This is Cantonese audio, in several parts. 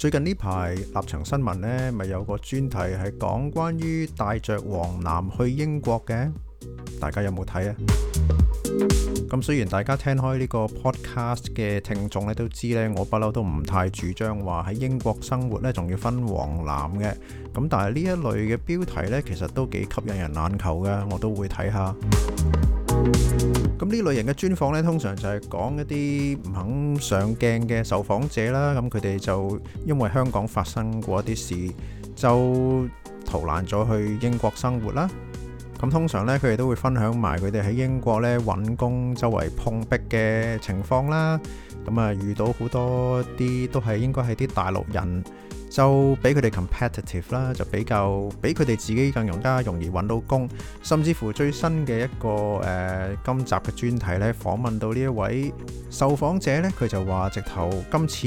最近呢排立場新聞呢咪有個專題係講關於帶着黃藍去英國嘅，大家有冇睇啊？咁 雖然大家聽開呢個 podcast 嘅聽眾咧都知咧，我不嬲都唔太主張話喺英國生活咧，仲要分黃藍嘅。咁但係呢一類嘅標題呢，其實都幾吸引人眼球嘅，我都會睇下。咁呢類型嘅專訪呢，通常就係講一啲唔肯上鏡嘅受訪者啦。咁佢哋就因為香港發生過一啲事，就逃難咗去英國生活啦。咁通常呢，佢哋都會分享埋佢哋喺英國呢揾工，周圍碰壁嘅情況啦。咁啊，遇到好多啲都係應該係啲大陸人。就俾佢哋 competitive 啦，就比較俾佢哋自己更加容易揾到工，甚至乎最新嘅一個誒今集嘅專題咧，訪問到呢一位受訪者咧，佢就話直頭今次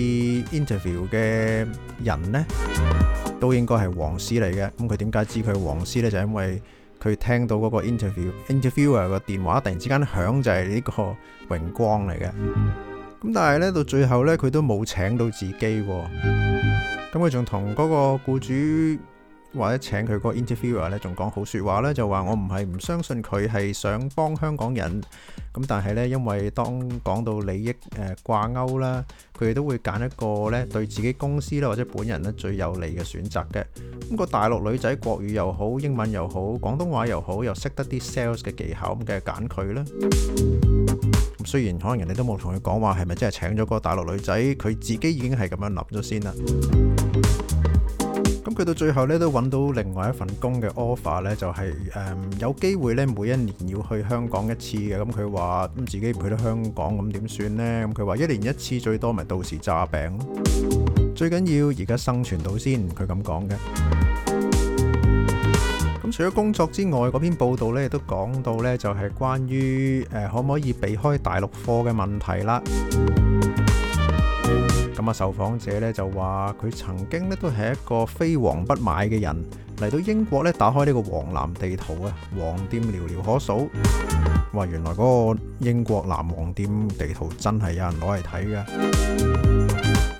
interview 嘅人咧，都應該係黃絲嚟嘅。咁佢點解知佢係黃絲咧？就因為佢聽到嗰個 interview interviewer 個電話突然之間響就係呢個榮光嚟嘅。咁但係咧到最後咧，佢都冇請到自己喎。咁佢仲同嗰個僱主或者請佢嗰個 interviewer 咧，仲講好說話咧，就話我唔係唔相信佢係想幫香港人咁，但係咧，因為當講到利益誒掛鉤啦，佢哋都會揀一個咧對自己公司咧或者本人咧最有利嘅選擇嘅。咁個大陸女仔國語又好，英文又好，廣東話又好，又識得啲 sales 嘅技巧，咁梗係揀佢啦。咁雖然可能人哋都冇同佢講話，係咪真係請咗個大陸女仔？佢自己已經係咁樣諗咗先啦。佢到最後咧都揾到另外一份工嘅 offer 咧，就係誒有機會咧每一年要去香港一次嘅。咁佢話咁自己唔去到香港咁點算咧？咁佢話一年一次最多，咪到時炸餅咯。最緊要而家生存到先，佢咁講嘅。咁除咗工作之外，嗰篇報道咧亦都講到咧就係關於誒可唔可以避開大陸貨嘅問題啦。咁啊，受訪者咧就話佢曾經咧都係一個非黃不買嘅人，嚟到英國咧打開呢個黃藍地圖啊，黃店寥寥可數。哇，原來嗰個英國藍黃店地圖真係有人攞嚟睇嘅。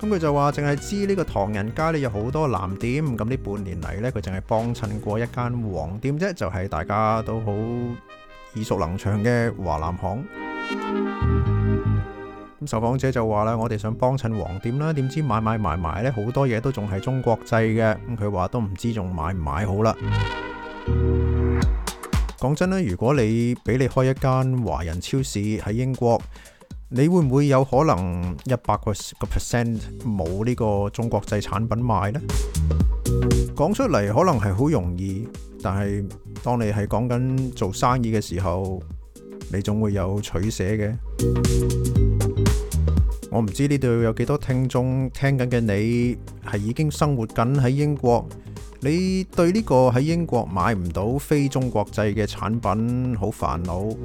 咁佢就話，淨係知呢個唐人街咧有好多藍店，咁呢半年嚟咧佢淨係幫襯過一間黃店啫，就係大家都好耳熟能詳嘅華南行。受訪者就話啦，我哋想幫襯黃店啦，點知買買埋埋呢，好多嘢都仲係中國製嘅。咁佢話都唔知仲買唔買好啦。講 真呢，如果你俾你開一間華人超市喺英國，你會唔會有可能一百個個 percent 冇呢個中國製產品賣呢？講出嚟可能係好容易，但係當你係講緊做生意嘅時候，你總會有取捨嘅。我唔知呢度有幾多聽眾聽緊嘅，你係已經生活緊喺英國，你對呢個喺英國買唔到非中國製嘅產品好煩惱，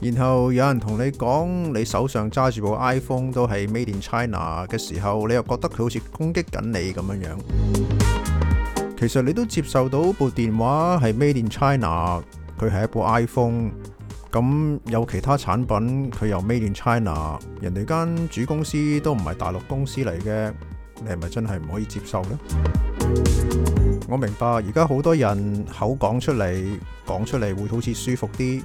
然後有人同你講你手上揸住部 iPhone 都係 Made in China 嘅時候，你又覺得佢好似攻擊緊你咁樣樣。其實你都接受到部電話係 Made in China，佢係一部 iPhone。咁有其他產品，佢又 made in China，人哋間主公司都唔係大陸公司嚟嘅，你係咪真係唔可以接受呢？我明白，而家好多人口講出嚟，講出嚟會好似舒服啲。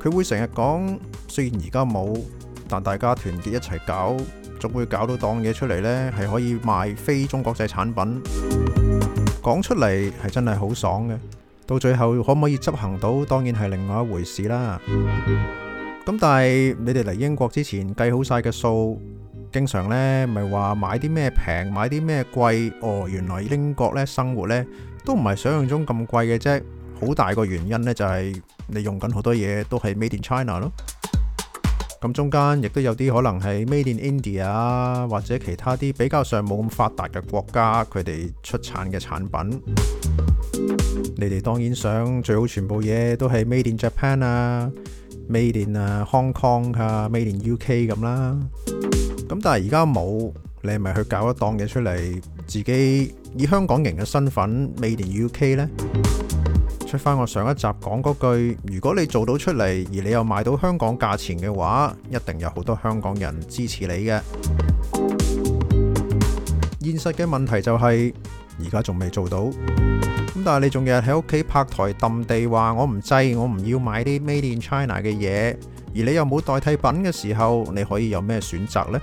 佢會成日講，雖然而家冇，但大家團結一齊搞，仲會搞到檔嘢出嚟呢，係可以賣非中國製產品。講出嚟係真係好爽嘅。到最後可唔可以執行到，當然係另外一回事啦。咁但係你哋嚟英國之前計好晒嘅數，經常呢咪話買啲咩平，買啲咩貴，哦，原來英國呢生活呢都唔係想象中咁貴嘅啫。好大個原因呢就係你用緊好多嘢都係 Made in China 咯。咁中間亦都有啲可能係 Made in India 啊，或者其他啲比較上冇咁發達嘅國家，佢哋出產嘅產品。你哋當然想最好全部嘢都係 Made in Japan 啊，Made in Hong Kong 啊、Made in UK 咁、啊、啦。咁但係而家冇，你咪去搞一檔嘢出嚟，自己以香港人嘅身份 Made in UK 呢？出翻，我上一集講嗰句：如果你做到出嚟，而你又賣到香港價錢嘅話，一定有好多香港人支持你嘅。現實嘅問題就係而家仲未做到。咁但係你仲日喺屋企拍台揼地話我唔制，我唔要買啲 Made in China 嘅嘢，而你又冇代替品嘅時候，你可以有咩選擇呢？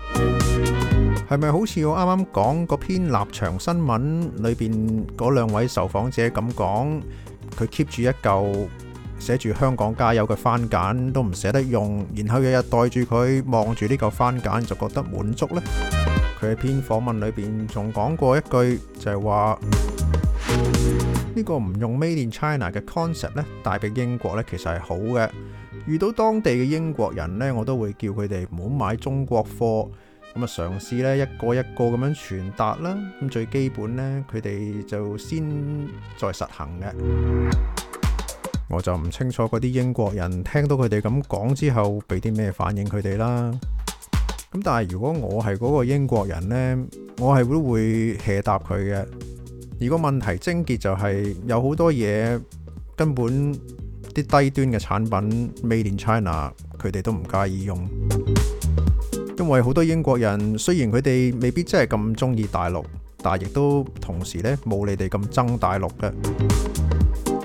係咪好似我啱啱講嗰篇立場新聞裏邊嗰兩位受訪者咁講？佢 keep 住一嚿寫住香港加油嘅番梘都唔捨得用，然後日日袋住佢望住呢嚿番梘就覺得滿足呢？佢喺篇訪問裏邊仲講過一句就係話。呢、這個唔用 Made in China 嘅 concept 咧，帶俾英國咧其實係好嘅。遇到當地嘅英國人呢，我都會叫佢哋唔好買中國貨。咁啊，嘗試咧一個一個咁樣傳達啦。咁最基本呢，佢哋就先再實行嘅。 我就唔清楚嗰啲英國人聽到佢哋咁講之後，俾啲咩反應佢哋啦。咁但係如果我係嗰個英國人呢，我係都會 hea 答佢嘅。如果問題癥結就係有好多嘢根本啲低端嘅產品 made in China，佢哋都唔介意用，因為好多英國人雖然佢哋未必真係咁中意大陸，但係亦都同時呢冇你哋咁憎大陸嘅。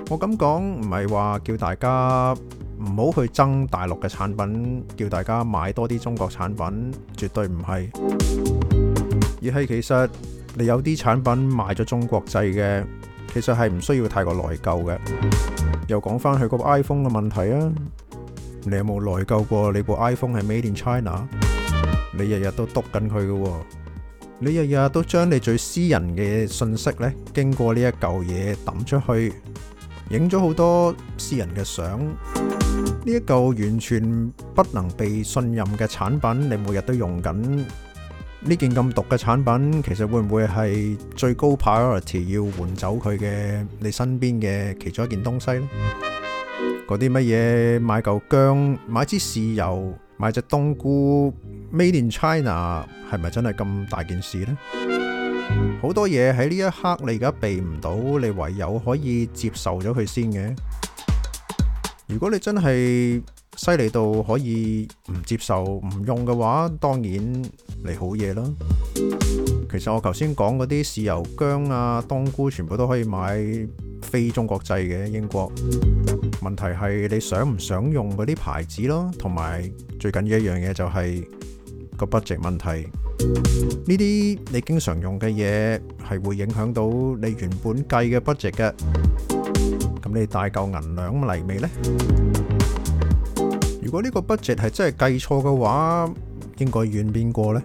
我咁講唔係話叫大家唔好去憎大陸嘅產品，叫大家買多啲中國產品絕對唔係，而係其實。你有啲產品賣咗中國製嘅，其實係唔需要太過內疚嘅。又講翻佢個 iPhone 嘅問題啊，你有冇內疚過你部 iPhone 係 Made in China？你日日都篤緊佢嘅喎，你日日都將你最私人嘅信息咧，經過呢一嚿嘢抌出去，影咗好多私人嘅相，呢一嚿完全不能被信任嘅產品，你每日都用緊。呢件咁毒嘅產品，其實會唔會係最高 priority 要換走佢嘅？你身邊嘅其中一件東西呢，嗰啲乜嘢買嚿薑、買支豉油、買隻冬菇，made in China 係咪真係咁大件事呢？好多嘢喺呢一刻你而家避唔到，你唯有可以接受咗佢先嘅。如果你真係犀利到可以唔接受唔用嘅話，當然嚟好嘢啦。其實我頭先講嗰啲豉油、薑啊、冬菇，全部都可以買非中國製嘅英國。問題係你想唔想用嗰啲牌子咯？同埋最緊要一樣嘢就係個 budget 問題。呢啲你經常用嘅嘢係會影響到你原本計嘅 budget 嘅。咁你帶夠銀兩嚟未呢？如果呢個 budget 係真係計錯嘅話，應該怨邊個呢？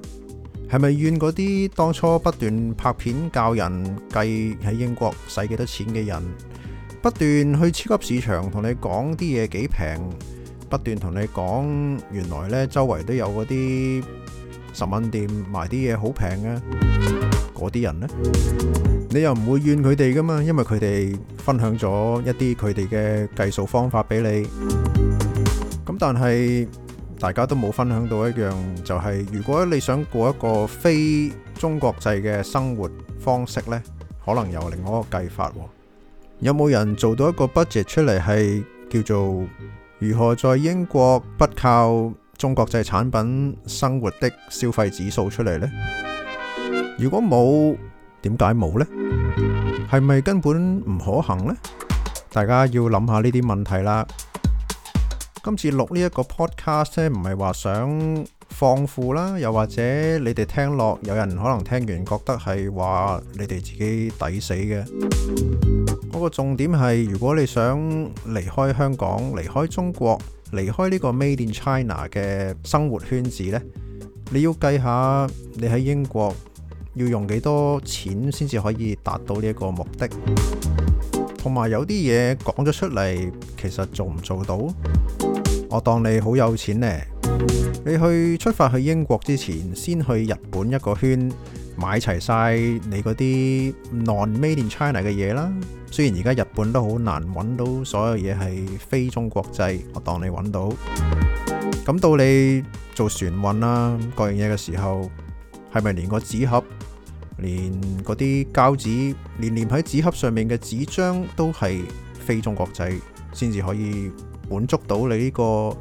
係咪怨嗰啲當初不斷拍片，教人計喺英國使幾多錢嘅人，不斷去超級市場同你講啲嘢幾平，不斷同你講原來呢周圍都有嗰啲十蚊店賣啲嘢好平啊？嗰啲人呢，你又唔會怨佢哋噶嘛，因為佢哋分享咗一啲佢哋嘅計數方法俾你。但係大家都冇分享到一樣，就係如果你想過一個非中國製嘅生活方式呢，可能有另外一個計法。有冇人做到一個 budget 出嚟，係叫做如何在英國不靠中國製產品生活的消費指數出嚟呢？如果冇，點解冇呢？係咪根本唔可行呢？大家要諗下呢啲問題啦。今次錄呢一個 podcast 咧，唔係話想放負啦，又或者你哋聽落，有人可能聽完覺得係話你哋自己抵死嘅。嗰、那個重點係，如果你想離開香港、離開中國、離開呢個 Made in China 嘅生活圈子呢，你要計下你喺英國要用幾多錢先至可以達到呢一個目的。同埋有啲嘢講咗出嚟，其實做唔做到？我當你好有錢呢，你去出發去英國之前，先去日本一個圈買齊晒你嗰啲 non-made in China 嘅嘢啦。雖然而家日本都好難揾到所有嘢係非中國製，我當你揾到。咁到你做船運啦，各樣嘢嘅時候，係咪連個紙盒？連嗰啲膠紙，連連喺紙盒上面嘅紙張都係非中國製，先至可以滿足到你呢個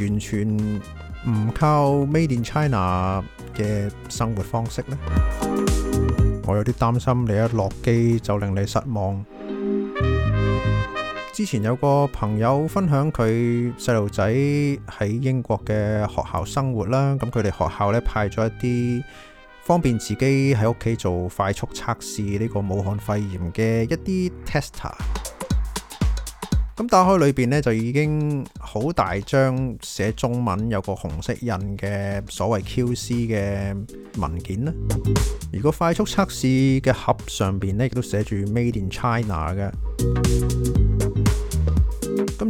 完全唔靠 Made in China 嘅生活方式呢。我有啲擔心，你一落機就令你失望。之前有個朋友分享佢細路仔喺英國嘅學校生活啦，咁佢哋學校呢派咗一啲方便自己喺屋企做快速測試，呢個武漢肺炎嘅一啲 tester。咁打開裏面呢，就已經好大張寫中文，有個紅色印嘅所謂 QC 嘅文件啦。而個快速測試嘅盒上面呢，亦都寫住 Made in China 嘅。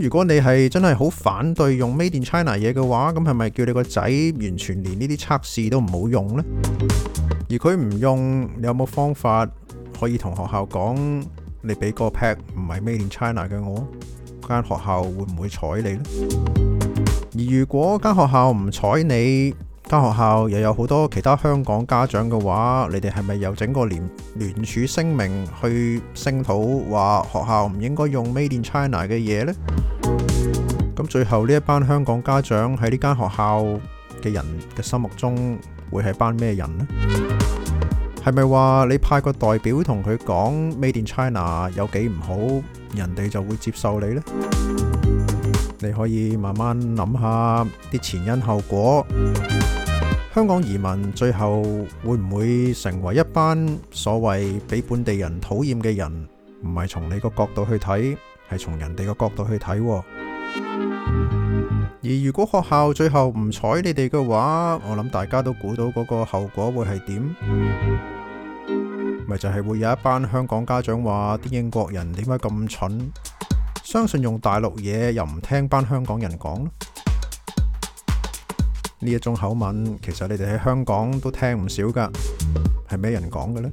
如果你係真係好反對用 Made in China 嘢嘅話，咁係咪叫你個仔完全連呢啲測試都唔好用呢？而佢唔用，你有冇方法可以同學校講你俾個 pack 唔係 Made in China 嘅我，間學校會唔會睬你呢？」而如果間學校唔睬你，間學校又有好多其他香港家長嘅話，你哋係咪又整個聯聯署聲明去聲討話學校唔應該用 Made in China 嘅嘢呢？咁最後呢一班香港家長喺呢間學校嘅人嘅心目中會係班咩人呢？係咪話你派個代表同佢講 Made in China 有幾唔好，人哋就會接受你呢？你可以慢慢諗下啲前因後果。香港移民最後會唔會成為一班所謂俾本地人討厭嘅人？唔係從你個角度去睇，係從人哋個角度去睇。而如果學校最後唔睬你哋嘅話，我諗大家都估到嗰個後果會係點？咪就係會有一班香港家長話啲英國人點解咁蠢？相信用大陸嘢，又唔聽班香港人講呢一種口吻，其實你哋喺香港都聽唔少噶係咩人講嘅呢？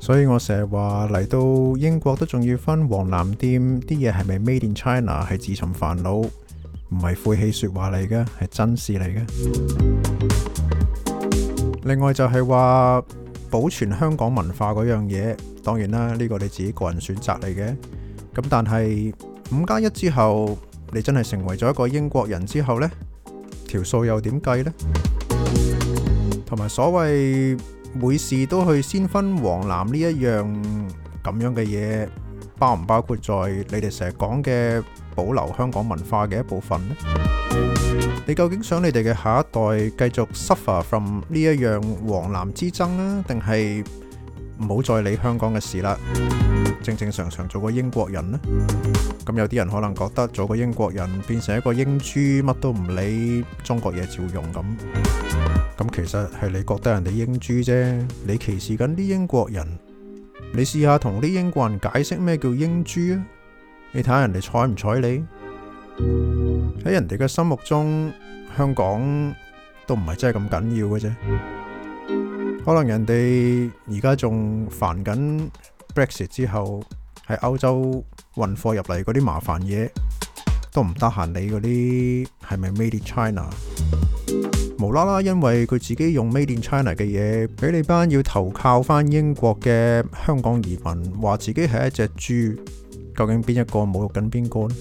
所以我成日話嚟到英國都仲要分黃藍店，啲嘢係咪 Made in China 係自尋煩惱，唔係晦氣說話嚟嘅，係真事嚟嘅。另外就係話保存香港文化嗰樣嘢，當然啦，呢個你自己個人選擇嚟嘅。咁但係五加一之後。你真係成為咗一個英國人之後呢，條數又點計呢？同埋所謂每事都去先分黃藍呢一樣咁樣嘅嘢，包唔包括在你哋成日講嘅保留香港文化嘅一部分呢？你究竟想你哋嘅下一代繼續 suffer from 呢一樣黃藍之爭啊，定係唔好再理香港嘅事啦？正正常常做個英國人呢，咁有啲人可能覺得做個英國人變成一個英豬，乜都唔理中國嘢照用咁。咁其實係你覺得人哋英豬啫，你歧視緊啲英國人。你試下同啲英國人解釋咩叫英豬啊？你睇下人哋睬唔睬你？喺人哋嘅心目中，香港都唔係真係咁緊要嘅啫。可能人哋而家仲煩緊。Brexit 之後喺歐洲運貨入嚟嗰啲麻煩嘢，都唔得閒理嗰啲係咪 Made in China。 無啦啦，因為佢自己用 Made in China 嘅嘢，畀你班要投靠翻英國嘅香港移民，話自己係一隻豬。究竟邊一個侮辱緊邊個呢？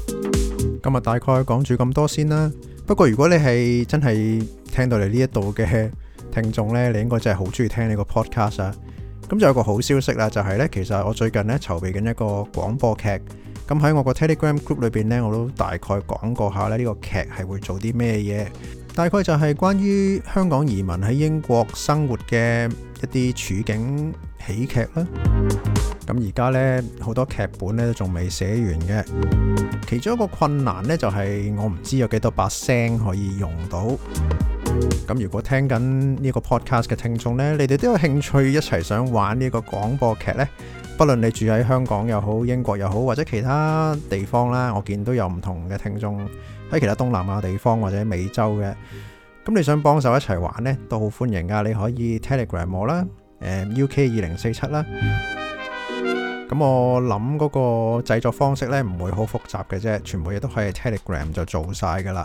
今日大概講住咁多先啦。不過如果你係真係聽到嚟呢一度嘅聽眾呢，你應該真係好中意聽你個 Podcast 啊！咁就有個好消息啦，就係呢，其實我最近咧籌備緊一個廣播劇，咁喺我個 Telegram group 裏邊呢，我都大概講過下咧呢個劇係會做啲咩嘢，大概就係關於香港移民喺英國生活嘅一啲處境喜劇啦。咁而家呢，好多劇本咧都仲未寫完嘅，其中一個困難呢，就係我唔知有幾多把聲可以用到。咁如果聽緊呢個 podcast 嘅聽眾呢，你哋都有興趣一齊想玩呢個廣播劇呢，不論你住喺香港又好，英國又好，或者其他地方啦，我見都有唔同嘅聽眾喺其他東南亞地方或者美洲嘅。咁你想幫手一齊玩呢，都好歡迎噶。你可以 Telegram 我啦，誒，UK 二零四七啦。咁我諗嗰個製作方式呢，唔會好複雜嘅啫，全部嘢都可以 Telegram 就做晒噶啦。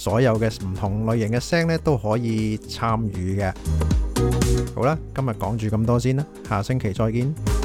所有嘅唔同類型嘅聲呢都可以參與嘅。好啦，今日講住咁多先啦，下星期再見。